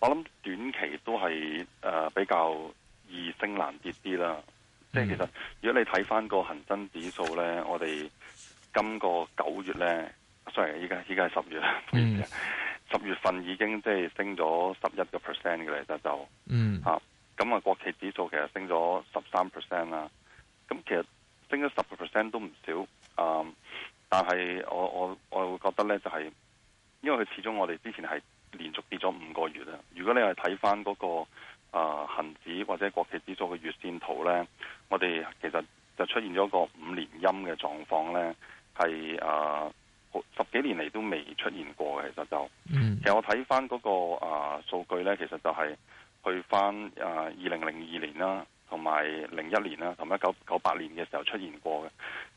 我諗短期都係誒、呃、比較易升難跌啲啦，mm. 即係其實如果你睇翻個恒生指數咧，我哋今個九月咧、啊、，sorry 依家依家係十月啦，十、mm. 月份已經即係升咗十一個 percent 嘅啦，就就吓咁啊，國企指數其實升咗十三 percent 啦，咁其實升咗十個 percent 都唔少，嗯，但係我我我會覺得咧就係、是、因為佢始終我哋之前係。連續跌咗五個月啦！如果你係睇翻嗰個、呃、恒指或者國企指數嘅月線圖呢，我哋其實就出現咗個五連陰嘅狀況呢，係啊、呃、十幾年嚟都未出現過嘅。就就其實我睇翻嗰個啊數據咧，其實就係、那個呃、去翻啊二零零二年啦，同埋零一年啦，同埋一九九八年嘅時候出現過嘅。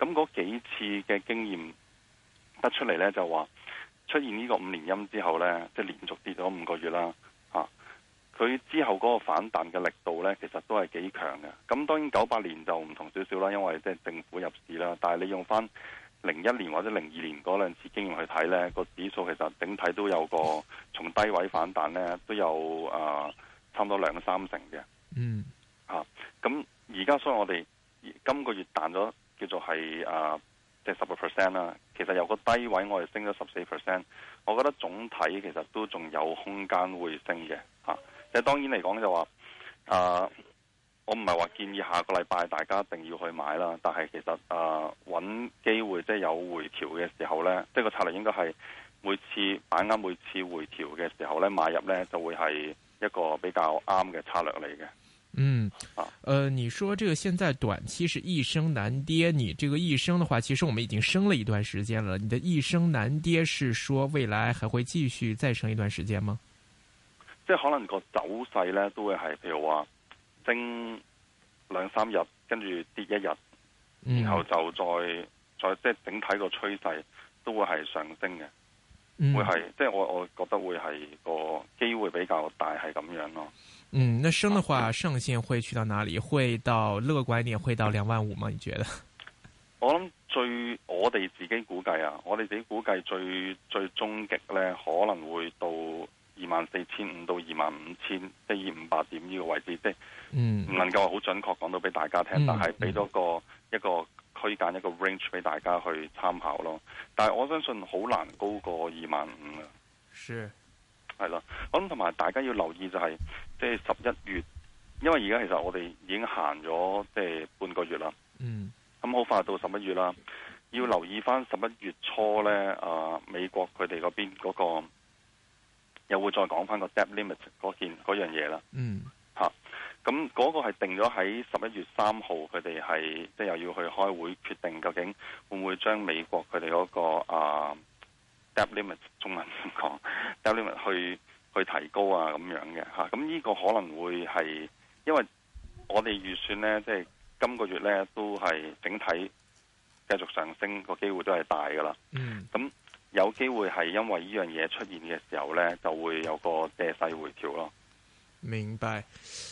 咁嗰幾次嘅經驗得出嚟呢，就話。出現呢個五年音之後呢，即、就、係、是、連續跌咗五個月啦，嚇、啊！佢之後嗰個反彈嘅力度呢，其實都係幾強嘅。咁當然九八年就唔同少少啦，因為即係政府入市啦。但係你用翻零一年或者零二年嗰陣時經驗去睇呢，那個指數其實整體都有個從低位反彈呢，都有誒、啊、差唔多兩三成嘅。嗯，嚇、啊！咁而家所以我哋今個月彈咗叫做係誒。啊即係十 percent 啦，其實由個低位我哋升咗十四 percent，我覺得總體其實都仲有空間會升嘅吓。即、啊、係當然嚟講就話、是，誒、啊，我唔係話建議下個禮拜大家一定要去買啦，但係其實誒，揾、啊、機會即係、就是、有回調嘅時候咧，即係個策略應該係每次把握每次回調嘅時候咧買入咧，就會係一個比較啱嘅策略嚟嘅。嗯，呃，你說這個現在短期是易升難跌，你這個易升的話，其實我們已經升了一段時間了。你的易升難跌是說未來還會繼續再升一段時間嗎？即係可能個走勢呢都會係，譬如話升兩三日，跟住跌一日，然後就再、嗯、再即係整體個趨勢都會係上升嘅、嗯，會係即係我我覺得會係個機會比較大，係咁樣咯。嗯，那升的話上限會去到哪裡？會到樂觀點會到兩萬五嗎？你覺得？我諗最我哋自己估計啊，我哋自己估計最最終極咧，可能會到二萬四千五到二萬五千即係二五百點呢個位置的。嗯，唔、即係、能夠好準確講到俾大家聽，嗯、但係俾多一個、嗯、一個區間一個 range 俾大家去參考咯。但係我相信好難高過二萬五啊。是。係咯，咁同埋大家要留意就係、是，即係十一月，因為而家其實我哋已經行咗即係半個月啦。嗯。咁好快到十一月啦，要留意翻十一月初咧、啊，美國佢哋嗰邊嗰個，又會再講翻個 debt limit 嗰件嗰樣嘢啦。嗯。吓、啊，咁嗰個係定咗喺十一月三號，佢哋係即係又要去開會決定，究竟會唔會將美國佢哋嗰個啊？Debt limit 中文點講？Debt limit 去去提高啊咁樣嘅吓。咁呢個可能會係，因為我哋預算咧，即係今個月咧都係整體繼續上升個機會都係大噶啦。嗯，咁有機會係因為呢樣嘢出現嘅時候咧，就會有個借勢回調咯。明白，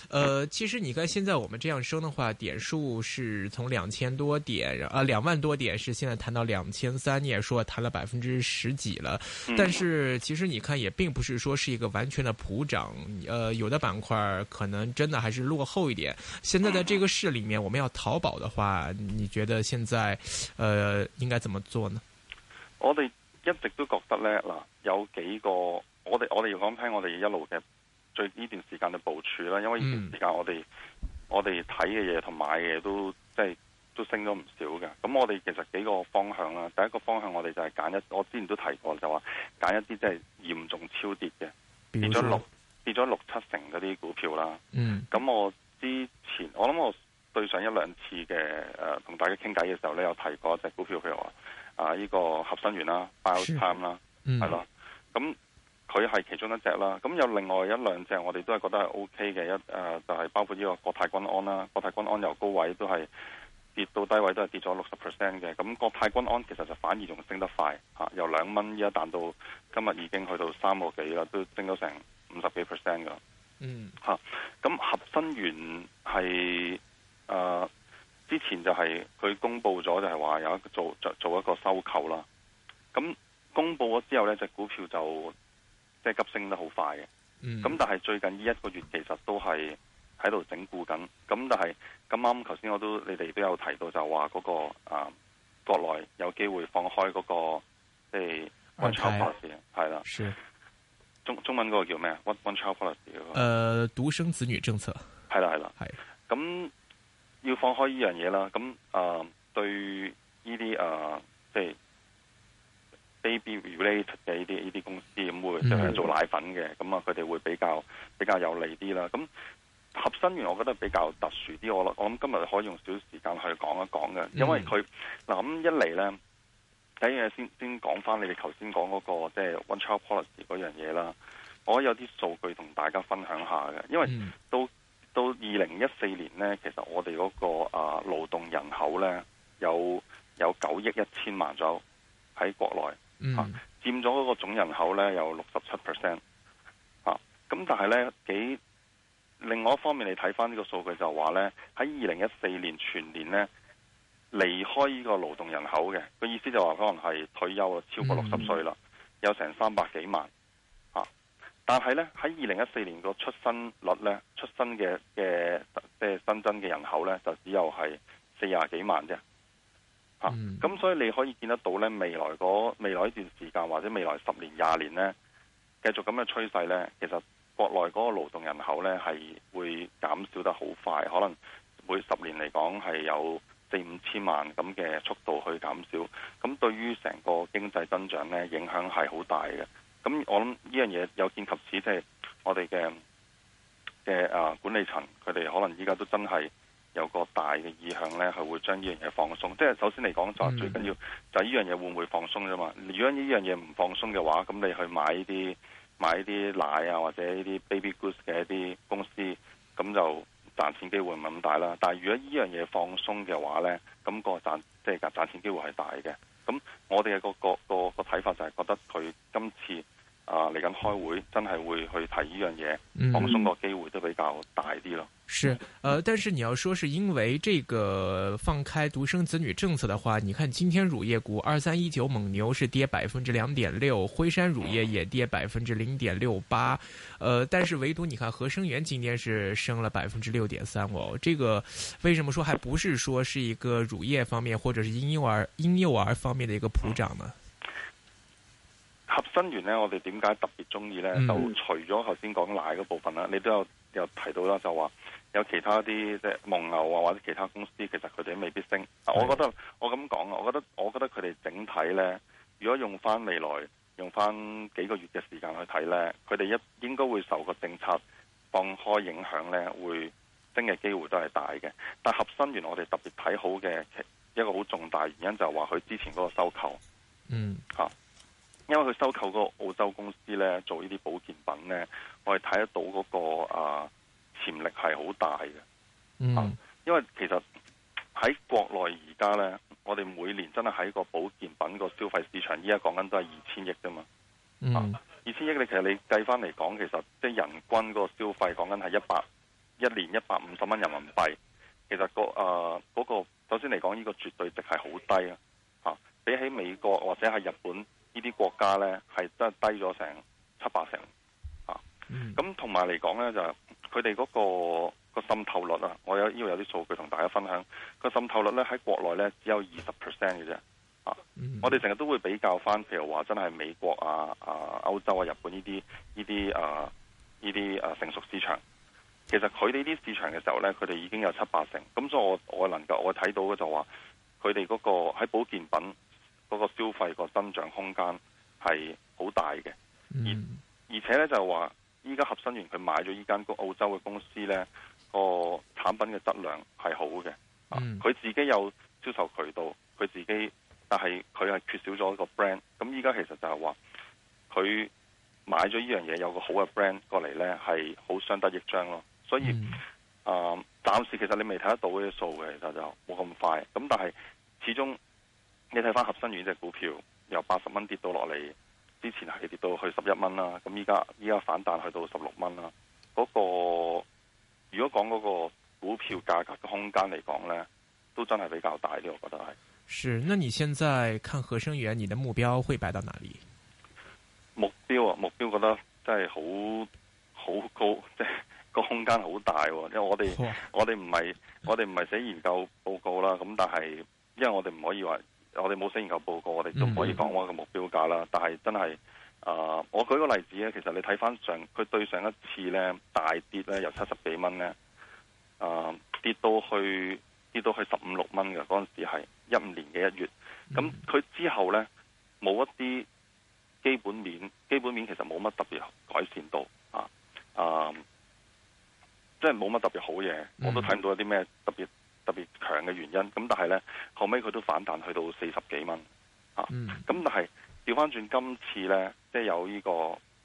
呃，其實你看，現在我們這樣升的話，點數是從兩千多點，啊兩萬多點是現在談到兩千三，你也說談了百分之十幾了。但是其實你看，也並不是說是一個完全的普漲，呃，有的板塊可能真的還是落後一點。現在在這個市裏面，我們要淘寶的話，你覺得現在呃應該怎麼做呢？我哋一直都覺得呢，嗱，有幾個，我哋我哋要講聽，我哋一路嘅。最呢段時間嘅部署啦，因為呢段時間我哋、嗯、我哋睇嘅嘢同買嘅嘢都即係都升咗唔少嘅。咁我哋其實幾個方向啦、啊，第一個方向我哋就係揀一，我之前都提過就話揀一啲即係嚴重超跌嘅，跌咗六跌咗六七成嗰啲股票啦。咁、嗯、我之前我諗我對上一兩次嘅誒同大家傾偈嘅時候咧，有提過一隻股票譬如話啊，呢、這個合生元啦，BioTime 啦，係、嗯、咯，咁、嗯。佢係其中一隻啦，咁有另外一兩隻，我哋都係覺得係 O K 嘅一誒、呃，就係、是、包括呢個國泰君安啦。國泰君安由高位都係跌到低位都跌了60%的，都係跌咗六十 percent 嘅。咁國泰君安其實就反而仲升得快嚇、啊，由兩蚊一彈到今日已經去到三個幾啦，都升咗成五十幾 percent 噶。嗯嚇，咁、啊、合生元係誒之前就係佢公布咗就係話有一個做做一個收購啦。咁公布咗之後呢隻股票就。即係急升得好快嘅，咁、嗯、但係最近呢一個月其實都係喺度整固緊，咁但係咁啱，頭先我都你哋都有提到就話嗰、那個啊、呃、國內有機會放開嗰、那個即係、就是、one-child policy，係啦、啊，是中中文嗰個叫咩啊 one-child policy，誒、呃，獨生子女政策係啦係啦係，咁要放開呢樣嘢啦，咁啊、呃、對呢啲啊即係。呃就是 Baby related 嘅呢啲呢啲公司咁、嗯、就係會做奶粉嘅，咁啊佢哋會比較比較有利啲啦。咁合生元我覺得比較特殊啲，我我諗今日可以用少少時間去講一講嘅、嗯，因為佢嗱咁一嚟，呢，第一嘢，先先講翻你哋頭先講嗰個即係、就是、One Child Policy 嗰樣嘢啦。我有啲數據同大家分享一下嘅，因為到、嗯、到二零一四年呢，其實我哋嗰、那個啊勞動人口呢，有有九億一千萬左右喺國內。啊、嗯，佔咗嗰個總人口咧有六十七 percent，啊，咁但係咧幾另外一方面你睇翻呢個數據就話咧喺二零一四年全年咧離開呢個勞動人口嘅個意思就話可能係退休啊超過六十歲啦、嗯，有成三百幾萬，啊，但係咧喺二零一四年個出生率咧出生嘅嘅即係新增嘅人口咧就只有係四廿幾萬啫。啊、嗯！咁所以你可以見得到咧，未來嗰未來一段時間或者未來十年廿年咧，繼續咁嘅趨勢咧，其實國內嗰個勞動人口咧係會減少得好快，可能每十年嚟講係有四五千萬咁嘅速度去減少。咁對於成個經濟增長咧影響係好大嘅。咁我諗呢樣嘢有見及此，即係我哋嘅嘅啊管理層，佢哋可能依家都真係。有個大嘅意向呢，佢會將呢樣嘢放鬆。即係首先嚟講就最緊要，就呢樣嘢會唔會放鬆啫嘛？如果呢樣嘢唔放鬆嘅話，咁你去買呢啲買呢啲奶啊，或者呢啲 baby goods 嘅一啲公司，咁就賺錢機會唔係咁大啦。但係如果呢樣嘢放鬆嘅話呢，咁個賺即係賺賺錢機會係大嘅。咁我哋嘅個個個個睇法就係覺得佢今次。啊！嚟緊開會，真係會去睇呢樣嘢，放鬆個機會都比較大啲咯。是，呃，但是你要說是，因為這個放開獨生子女政策的話，你看今天乳業股二三一九蒙牛是跌百分之兩點六，輝山乳業也跌百分之零點六八，呃，但是唯獨你看合生元今天是升了百分之六點三喎，這個為什麼說還不是說是一個乳業方面，或者是嬰幼兒嬰幼兒方面的一個普漲呢？合生元咧，我哋點解特別中意咧？Mm-hmm. 就除咗頭先講奶嗰部分啦，你都有有提到啦，就話有其他啲即係蒙牛啊，或者其他公司，其實佢哋未必升。Mm-hmm. 我覺得我咁講啊，我覺得我覺得佢哋整體咧，如果用翻未來，用翻幾個月嘅時間去睇咧，佢哋一應該會受個政策放開影響咧，會升嘅機會都係大嘅。但合生元我哋特別睇好嘅一個好重大原因就係話佢之前嗰個收購，嗯、mm-hmm. 嚇、啊。因為佢收購個澳洲公司咧，做呢啲保健品咧，我係睇得到嗰、那個啊、呃、潛力係好大嘅。嗯、啊，因為其實喺國內而家咧，我哋每年真係喺個保健品個消費市場，依家講緊都係二千億啫嘛。嗯，二、啊、千億你其實你計翻嚟講，其實即係人均個消費講緊係一百一年一百五十蚊人民幣，其實個誒嗰、呃那個首先嚟講呢個絕對值係好低啊。吓，比起美國或者係日本。呢啲國家呢係真係低咗成七八成啊！咁同埋嚟講呢，就係嗰個，佢哋嗰個個滲透率啊，我有呢度、呢個、有啲數據同大家分享。個滲透率呢喺國內呢只有二十 percent 嘅啫。我哋成日都會比較返，譬如話真係美國啊、啊歐洲啊、日本呢啲呢啲啊呢啲啊，啊成熟市場。其實佢哋啲市場嘅時候呢，佢哋已經有七八成。咁所以我我能夠我睇到嘅就話，佢哋嗰個喺保健品。嗰、那個消費個增長空間係好大嘅，嗯，而而且咧就係話，依家合生元佢買咗依間個澳洲嘅公司咧，那個產品嘅質量係好嘅，佢、嗯啊、自己有銷售渠道，佢自己，但係佢係缺少咗一個 brand。咁依家其實就係話，佢買咗依樣嘢，有個好嘅 brand 過嚟咧，係好相得益彰咯。所以啊、嗯呃，暫時其實你未睇得到呢啲數嘅，其實就冇咁快。咁但係始終。你睇翻合生元隻股票，由八十蚊跌到落嚟，之前係跌到去十一蚊啦。咁依家依家反彈去到十六蚊啦。嗰個如果講嗰個股票價格嘅空間嚟講呢，都真係比較大啲，我覺得係。是，那你現在看合生元，你的目標會擺到哪裡？目標啊，目標覺得真係好好高，即係個空間好大。因為我哋我哋唔係我哋唔係寫研究報告啦，咁但係因為我哋唔可以話。我哋冇寫研究報告，我哋都可以講我個目標價啦。Mm-hmm. 但係真係，啊、呃，我舉個例子咧，其實你睇翻上佢對上一次咧，大跌咧，由七十幾蚊咧，啊、呃、跌到去跌到去十五六蚊嘅嗰陣時係一五年嘅一月。咁、mm-hmm. 佢之後咧冇一啲基本面，基本面其實冇乜特別改善到啊，啊，即係冇乜特別好嘢，我都睇唔到有啲咩特別。Mm-hmm. 特別強嘅原因，咁但係呢後尾佢都反彈去到四十幾蚊，咁、啊嗯、但係調翻轉今次呢即係有呢個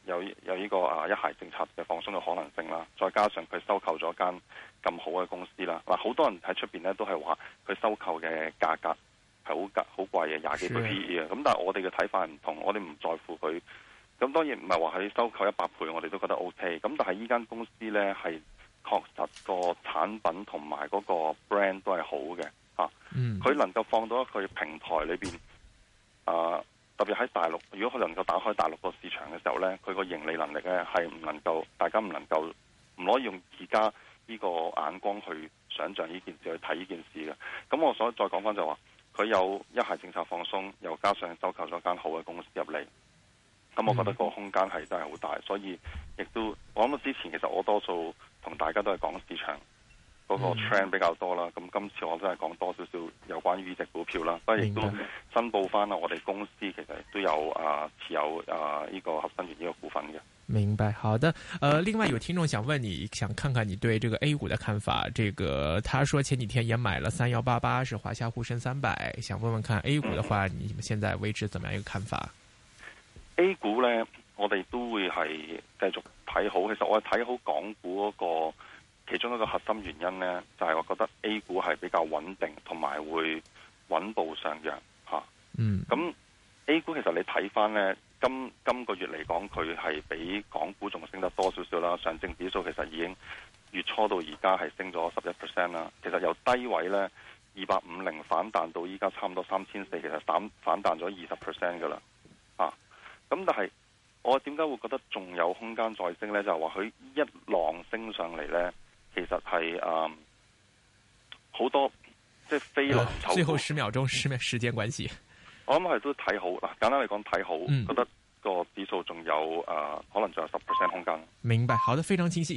有有依個啊一孩政策嘅放鬆嘅可能性啦，再加上佢收購咗間咁好嘅公司啦。嗱、啊，好多人喺出邊呢都係話佢收購嘅價格係好好貴嘅廿幾倍 P E 啊。咁但係我哋嘅睇法唔同，我哋唔在乎佢。咁當然唔係話佢收購一百倍，我哋都覺得 O K。咁但係呢間公司呢係。係確實個產品同埋嗰個 brand 都係好嘅嚇。佢、嗯、能夠放到佢平台裏邊啊，特別喺大陸。如果佢能夠打開大陸個市場嘅時候呢佢個盈利能力呢係唔能夠大家唔能夠唔可以用而家呢個眼光去想象呢件事去睇呢件事嘅。咁、嗯嗯、我所以再講翻就係話，佢有一係政策放鬆，又加上收購咗間好嘅公司入嚟，咁我覺得個空間係真係好大。所以亦都我諗到之前，其實我多數。同大家都係講市場嗰、那個 trend 比較多啦，咁、嗯、今次我都係講多少少有關於呢隻股票啦，不過亦都申報翻啊，我哋公司其實都有啊、呃、持有啊呢、呃這個合生元呢個股份嘅。明白，好的。誒、呃，另外有聽眾想問，你想看看你對這個 A 股的看法？這個他說前幾天也買了三幺八八，是華夏滬深三百，想問問看 A 股的話，嗯、你們現在維持怎麼樣一個看法？A 股呢我哋都會係繼續睇好，其實我係睇好港股嗰、那個其中一個核心原因呢，就係、是、我覺得 A 股係比較穩定，同埋會穩步上揚嚇、啊。嗯，咁 A 股其實你睇翻呢，今今個月嚟講，佢係比港股仲升得多少少啦。上證指數其實已經月初到而家係升咗十一 percent 啦。其實由低位呢，二百五零反彈到依家差唔多三千四，其實反反彈咗二十 percent 噶啦。啊，咁但係。我點解會覺得仲有空間再升咧？就話、係、佢一浪升上嚟咧，其實係誒好多即係飛常醜、呃。最後十秒鐘，十、嗯、秒時間關係，我諗係都睇好。嗱，簡單嚟講睇好、嗯，覺得個指數仲有誒、呃，可能仲有十 percent 空間。明白，好得非常清晰。